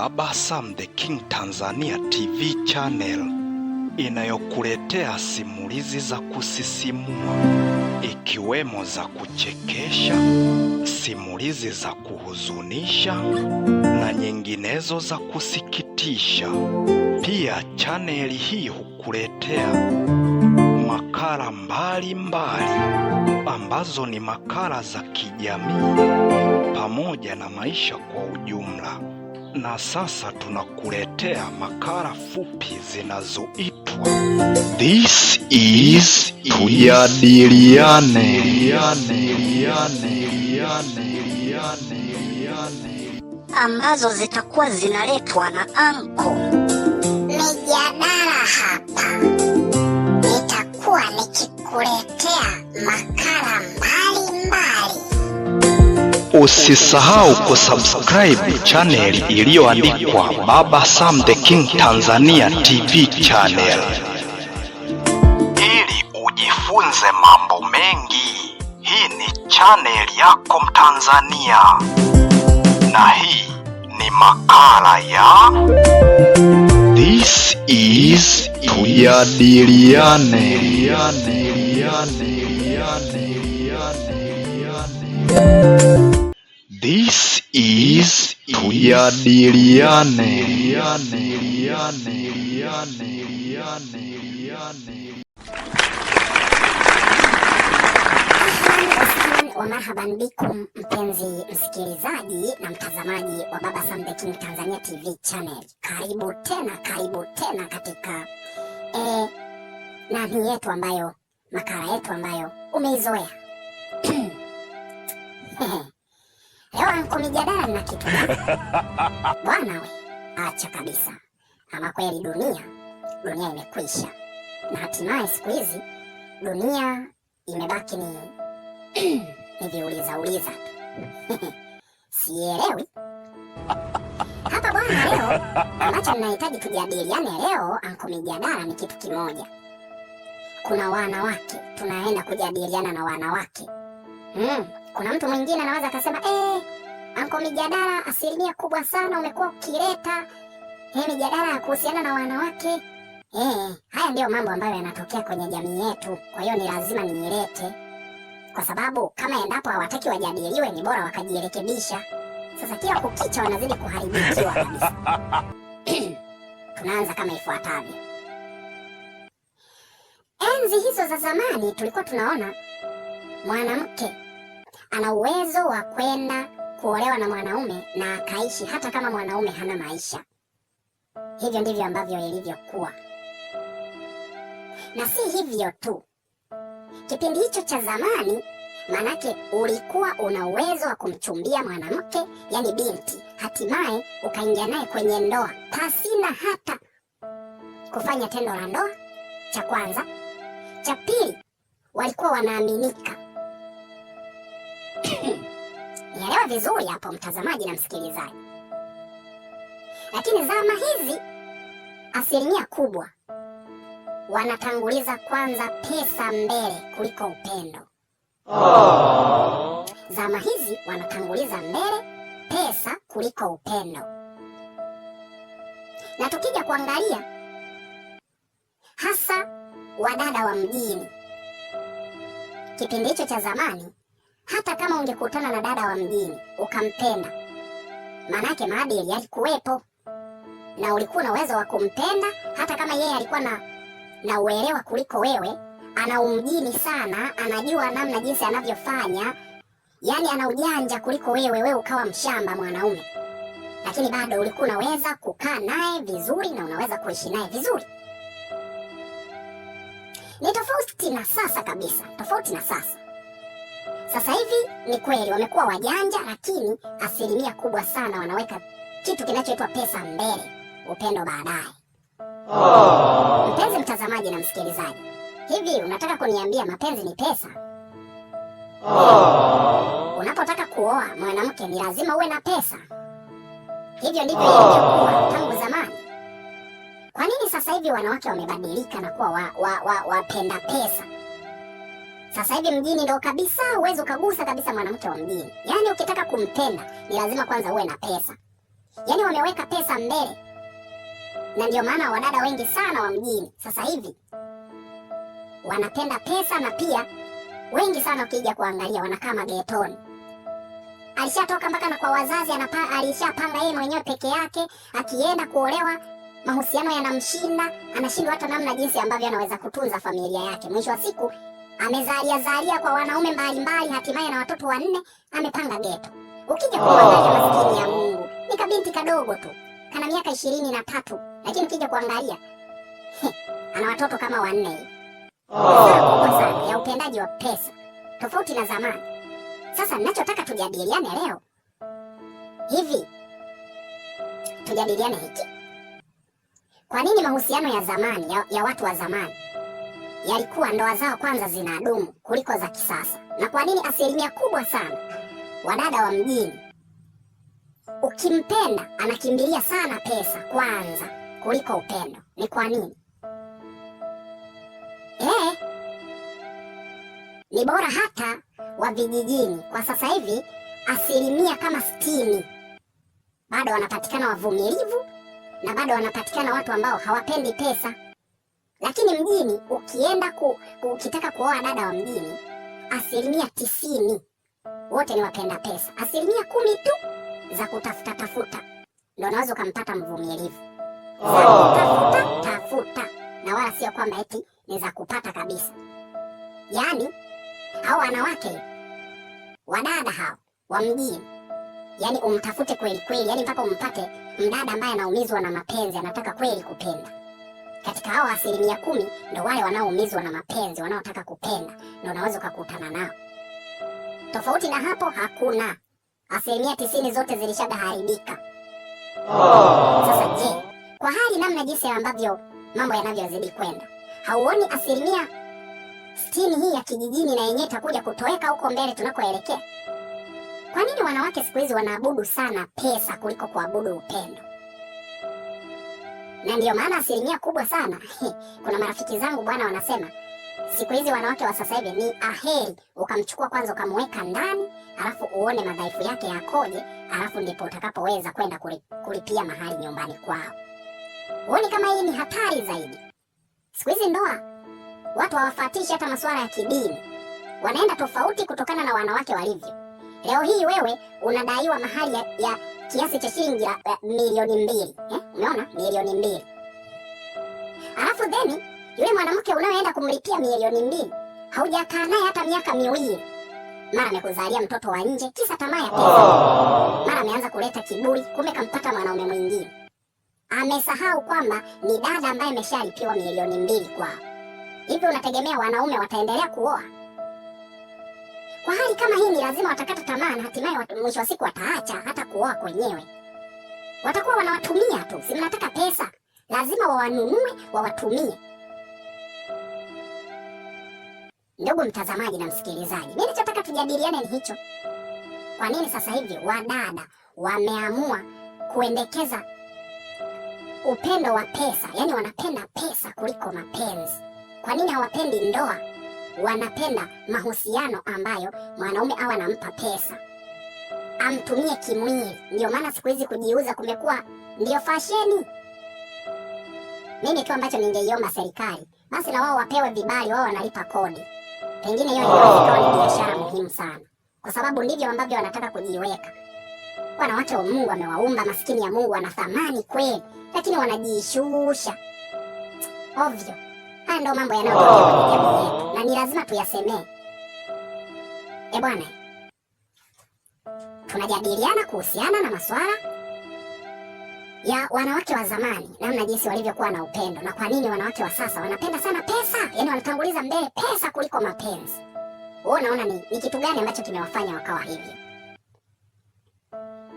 Baba Sam the King Tanzania TV channel inayokuletea simulizi za kusisimua ikiwemo za kuchekesha, simulizi za kuhuzunisha na nyinginezo za kusikitisha. Pia chaneli hii hukuletea makala mbalimbali ambazo ni makala za kijamii pamoja na maisha kwa ujumla. Na sasa tunakuletea makala fupi zinazoitwa This is Tujadiliane. Ambazo zitakuwa zinaletwa na anko. Mijadala hapa nitakuwa nikikuletea makala Usisahau kusubscribe channel iliyoandikwa Baba Sam the King Tanzania TV channel ili ujifunze mambo mengi. Hii ni channel yako Mtanzania, na hii ni makala ya This is Tujadiliane. This is Tujadiliane. Marhaban bikum mpenzi msikilizaji na mtazamaji wa Baba Sam the King Tanzania TV channel, karibu tena, karibu tena katika eh, nani yetu ambayo makala yetu ambayo umeizoea hewa yako mijadala na kitu bwana, we acha kabisa. Ama kweli dunia dunia imekwisha, na hatimaye siku hizi dunia imebaki ni ni uliza tu sielewi hapa bwana. Leo ambacho ninahitaji tujadiliane leo, anko mijadala, ni kitu kimoja. Kuna wanawake tunaenda kujadiliana na wanawake hmm. Kuna mtu mwingine anaweza akasema eh, anko, mijadala asilimia kubwa sana umekuwa ukileta eh, mijadala ya kuhusiana na wanawake eh. Haya ndiyo mambo ambayo yanatokea kwenye jamii yetu, kwa hiyo ni lazima niilete, kwa sababu kama endapo hawataki wajadiliwe, ni bora wakajirekebisha. Sasa kila kukicha wanazidi kuharibikiwa kabisa. Tunaanza kama ifuatavyo. Enzi hizo za zamani tulikuwa tunaona mwanamke ana uwezo wa kwenda kuolewa na mwanaume na akaishi hata kama mwanaume hana maisha. Hivyo ndivyo ambavyo ilivyokuwa, na si hivyo tu. Kipindi hicho cha zamani, manake ulikuwa una uwezo wa kumchumbia mwanamke, yani binti, hatimaye ukaingia naye kwenye ndoa pasina hata kufanya tendo la ndoa. Cha kwanza. Cha pili, walikuwa wanaaminika elewa vizuri hapo mtazamaji na msikilizaji. Lakini zama hizi asilimia kubwa wanatanguliza kwanza pesa mbele kuliko upendo. Aww. Zama hizi wanatanguliza mbele pesa kuliko upendo, na tukija kuangalia hasa wadada wa mjini, kipindi hicho cha zamani hata kama ungekutana na dada wa mjini ukampenda, manake maadili yalikuwepo na ulikuwa na uwezo wa kumpenda, hata kama yeye alikuwa na na uelewa kuliko wewe, ana umjini sana, anajua namna jinsi anavyofanya, yaani ana ujanja kuliko wewe, wewe ukawa mshamba mwanaume, lakini bado ulikuwa unaweza kukaa naye vizuri na unaweza kuishi naye vizuri. Ni tofauti na sasa kabisa, tofauti na sasa sasa hivi ni kweli wamekuwa wajanja, lakini asilimia kubwa sana wanaweka kitu kinachoitwa pesa mbele, upendo baadaye. Oh. Mpenzi mtazamaji na msikilizaji, hivi unataka kuniambia mapenzi ni pesa? Oh. Unapotaka kuoa mwanamke ni lazima uwe na pesa. Hivyo ndivyo ah. ilivyokuwa tangu zamani. Kwa nini sasa hivi wanawake wamebadilika na kuwa wapenda wa, wa, wa pesa? Sasa hivi mjini ndo kabisa uwezo ukagusa kabisa mwanamke wa mjini. Yaani ukitaka kumpenda ni lazima kwanza uwe na pesa. Yaani wameweka pesa mbele, na ndio maana wadada wengi sana wa mjini sasa hivi wanapenda pesa, na pia wengi sana ukija kuangalia wanakaa magetoni alishatoka mpaka na kwa wazazi anapa, alishapanga yeye mwenyewe peke yake. Akienda kuolewa mahusiano yanamshinda, anashindwa hata namna jinsi ambavyo anaweza kutunza familia yake. Mwisho wa siku amezalia zalia kwa wanaume mbalimbali, hatimaye na watoto wanne, amepanga geto. Ukija ah. kuangalia oh, maskini ya Mungu ni kabinti kadogo tu kana miaka ishirini na tatu, lakini ukija kuangalia ana watoto kama wanne Oh, Kubwa sana ya upendaji wa pesa, tofauti na zamani. Sasa ninachotaka tujadiliane leo hivi, tujadiliane hiki, kwa nini mahusiano ya zamani ya, ya watu wa zamani yalikuwa ndoa zao kwanza zinadumu kuliko za kisasa. Na kwa nini? Asilimia kubwa sana wadada wa mjini, ukimpenda anakimbilia sana pesa kwanza kuliko upendo. Ni kwa nini? Eh, ni bora hata wa vijijini kwa sasa hivi asilimia kama sitini bado wanapatikana wavumilivu na bado wanapatikana watu ambao hawapendi pesa. Lakini mjini ukienda ku, ukitaka kuoa dada wa mjini, asilimia tisini wote ni wapenda pesa, asilimia kumi tu za kutafuta tafuta ndo unaweza ukampata mvumilivu. Oh. Tafuta tafuta, na wala sio kwamba eti ni za kupata kabisa. Yaani hao wanawake wadada hao wa mjini, yaani umtafute kweli kweli, yaani mpaka umpate mdada ambaye anaumizwa na mapenzi, anataka kweli kupenda katika hao asilimia kumi ndo wale wanaoumizwa na mapenzi, wanaotaka kupenda, ndo unaweza ukakutana nao. Tofauti na hapo hakuna. Asilimia tisini zote zilishadaharibika. Sasa je, kwa hali namna jinsi ambavyo mambo yanavyozidi kwenda, hauoni asilimia sitini hii ya kijijini na yenyewe itakuja kutoweka huko mbele tunakoelekea? Kwa nini wanawake siku hizi wanaabudu sana pesa kuliko kuabudu upendo? na ndio maana asilimia kubwa sana kuna marafiki zangu bwana, wanasema siku hizi wanawake wa sasa hivi ni aheri ukamchukua kwanza ukamweka ndani, alafu uone madhaifu yake yakoje, alafu ndipo utakapoweza kwenda kulipia mahali nyumbani kwao. Uone kama hii ni hatari zaidi. Siku hizi ndoa watu hawafatishi hata masuala ya kidini, wanaenda tofauti kutokana na wanawake walivyo. Leo hii wewe unadaiwa mahali ya, ya kiasi cha shilingi ya eh, milioni mbili eh? Umeona, milioni mbili alafu then yule mwanamke unaoenda kumlipia milioni mbili haujakaa naye hata miaka miwili, mara amekuzalia mtoto wa nje, kisa tamaa ya pesa. Oh. Mara ameanza kuleta kiburi, kumbe kampata mwanaume mwingine. Amesahau kwamba ni dada ambaye ameshalipiwa milioni mbili kwao. Hivyo unategemea wanaume wataendelea kuoa? Kwa hali kama hii, ni lazima watakata tamaa na hatimaye mwisho wa siku wataacha hata kuoa kwenyewe. Watakuwa wanawatumia tu, si mnataka pesa? Lazima wawanunue, wawatumie. Ndugu mtazamaji na msikilizaji, mimi nataka tujadiliane ni hicho, kwa nini sasa hivi wadada wameamua kuendekeza upendo wa pesa, yaani wanapenda pesa kuliko mapenzi. Kwa nini hawapendi ndoa? wanapenda mahusiano ambayo mwanaume awe anampa pesa amtumie kimwili. Ndio maana siku hizi kujiuza kumekuwa ndio fasheni. Mimi tu ambacho ningeiomba serikali basi, na wao wapewe vibali, wao wanalipa kodi, pengine hiyo ndio ah. ni biashara muhimu sana, kwa sababu ndivyo ambavyo wanataka kujiweka. Wanawake wa Mungu amewaumba, maskini ya Mungu ana thamani kweli, lakini wanajishusha ovyo ndo mambo oh. yanayo na ni lazima tuyasemee. Eh bwana, tunajadiliana kuhusiana na masuala ya wanawake wa zamani, namna jinsi walivyokuwa na upendo na kwa nini wanawake wa sasa wanapenda sana pesa, yani wanatanguliza mbele pesa kuliko mapenzi. Wewe unaona ni, ni kitu gani ambacho kimewafanya wakawa hivyo?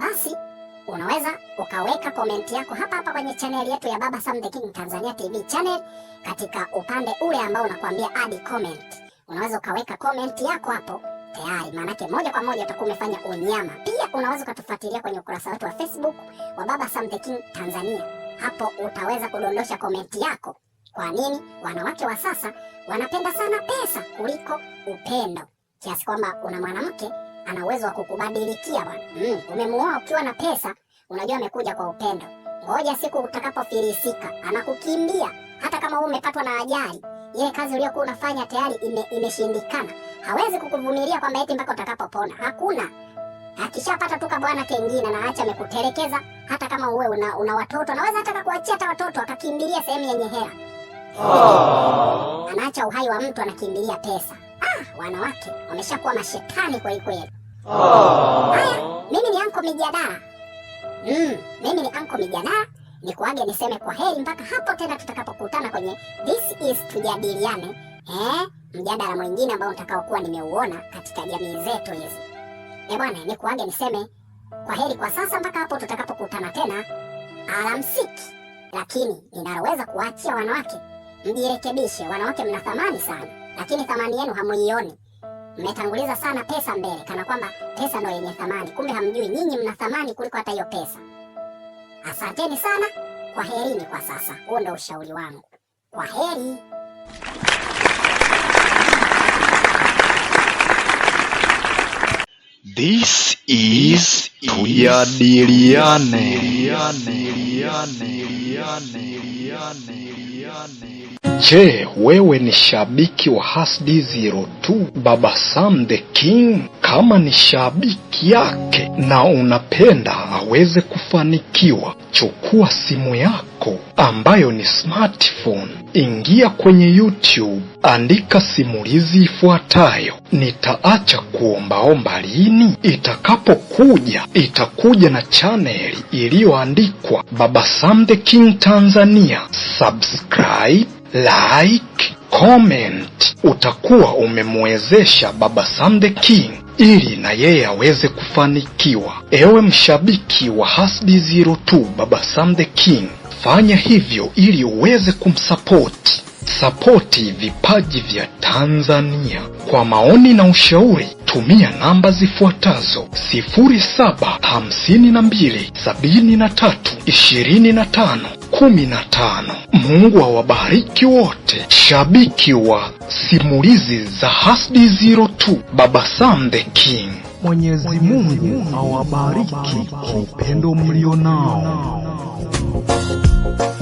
Basi unaweza ukaweka komenti yako hapa hapa kwenye chaneli yetu ya Baba Sam the King Tanzania TV channel. Katika upande ule ambao unakuambia add comment, unaweza ukaweka komenti yako hapo tayari, maanake moja kwa moja utakuwa umefanya unyama. Pia unaweza ukatufuatilia kwenye ukurasa wetu wa Facebook wa Baba Sam the King Tanzania. Hapo utaweza kudondosha komenti yako. Kwa nini wanawake wa sasa wanapenda sana pesa kuliko upendo, kiasi kwamba una mwanamke ana uwezo wa kukubadilikia bwana. Mm, umemuoa ukiwa na pesa, unajua amekuja kwa upendo. Ngoja siku utakapofilisika, anakukimbia hata kama wewe umepatwa na ajali. Ile kazi uliyokuwa unafanya tayari imeshindikana. ime, Hawezi kukuvumilia kwamba eti mpaka utakapopona. Hakuna. Akishapata tu kabwana kengine na acha amekutelekeza hata kama wewe una, una watoto, anaweza hata kukuachia hata watoto akakimbilia sehemu yenye hela. Oh. Anaacha uhai wa mtu anakimbilia pesa wanawake wameshakuwa mashetani kweli kweli. Ah. Haya, mimi ni anko Mijadaa. Mm, mimi ni anko Mijadaa nikuage niseme kwa heri mpaka hapo tena tutakapokutana kwenye This is Tujadiliane, eh, mjadala mwingine ambao nitakaokuwa nimeuona katika jamii zetu hizi. Eh bwana, nikuage niseme kwa heri kwa sasa mpaka hapo tutakapokutana tena. Alamsiki. Lakini ninaloweza kuachia wanawake, mjirekebishe. Wanawake mna thamani sana lakini thamani yenu hamuioni. Mmetanguliza sana pesa mbele, kana kwamba pesa ndio yenye thamani, kumbe hamjui nyinyi mna thamani kuliko hata hiyo pesa. Asanteni sana, kwa herini kwa sasa. Huo ndio ushauri wangu, kwa heri. This is Tujadiliane. Je, wewe ni shabiki wa Hasdi 02 Baba Sam the King? Kama ni shabiki yake na unapenda aweze kufanikiwa, chukua simu yako yako ambayo ni smartphone. Ingia kwenye YouTube, andika simulizi ifuatayo, nitaacha kuombaomba lini. Itakapokuja itakuja na chaneli iliyoandikwa Baba Sam the King Tanzania. Subscribe, like, comment. Utakuwa umemwezesha Baba Sam the King ili na yeye aweze kufanikiwa. Ewe mshabiki wa Hasdi 02 Baba Sam the King Fanya hivyo ili uweze kumsapoti sapoti vipaji vya Tanzania. Kwa maoni na ushauri tumia namba zifuatazo: 752732515 Mungu awabariki wote. Shabiki wa simulizi za Hasdi 02, Baba Sam the King. Mwenyezi Mungu awabariki kwa upendo mlionao.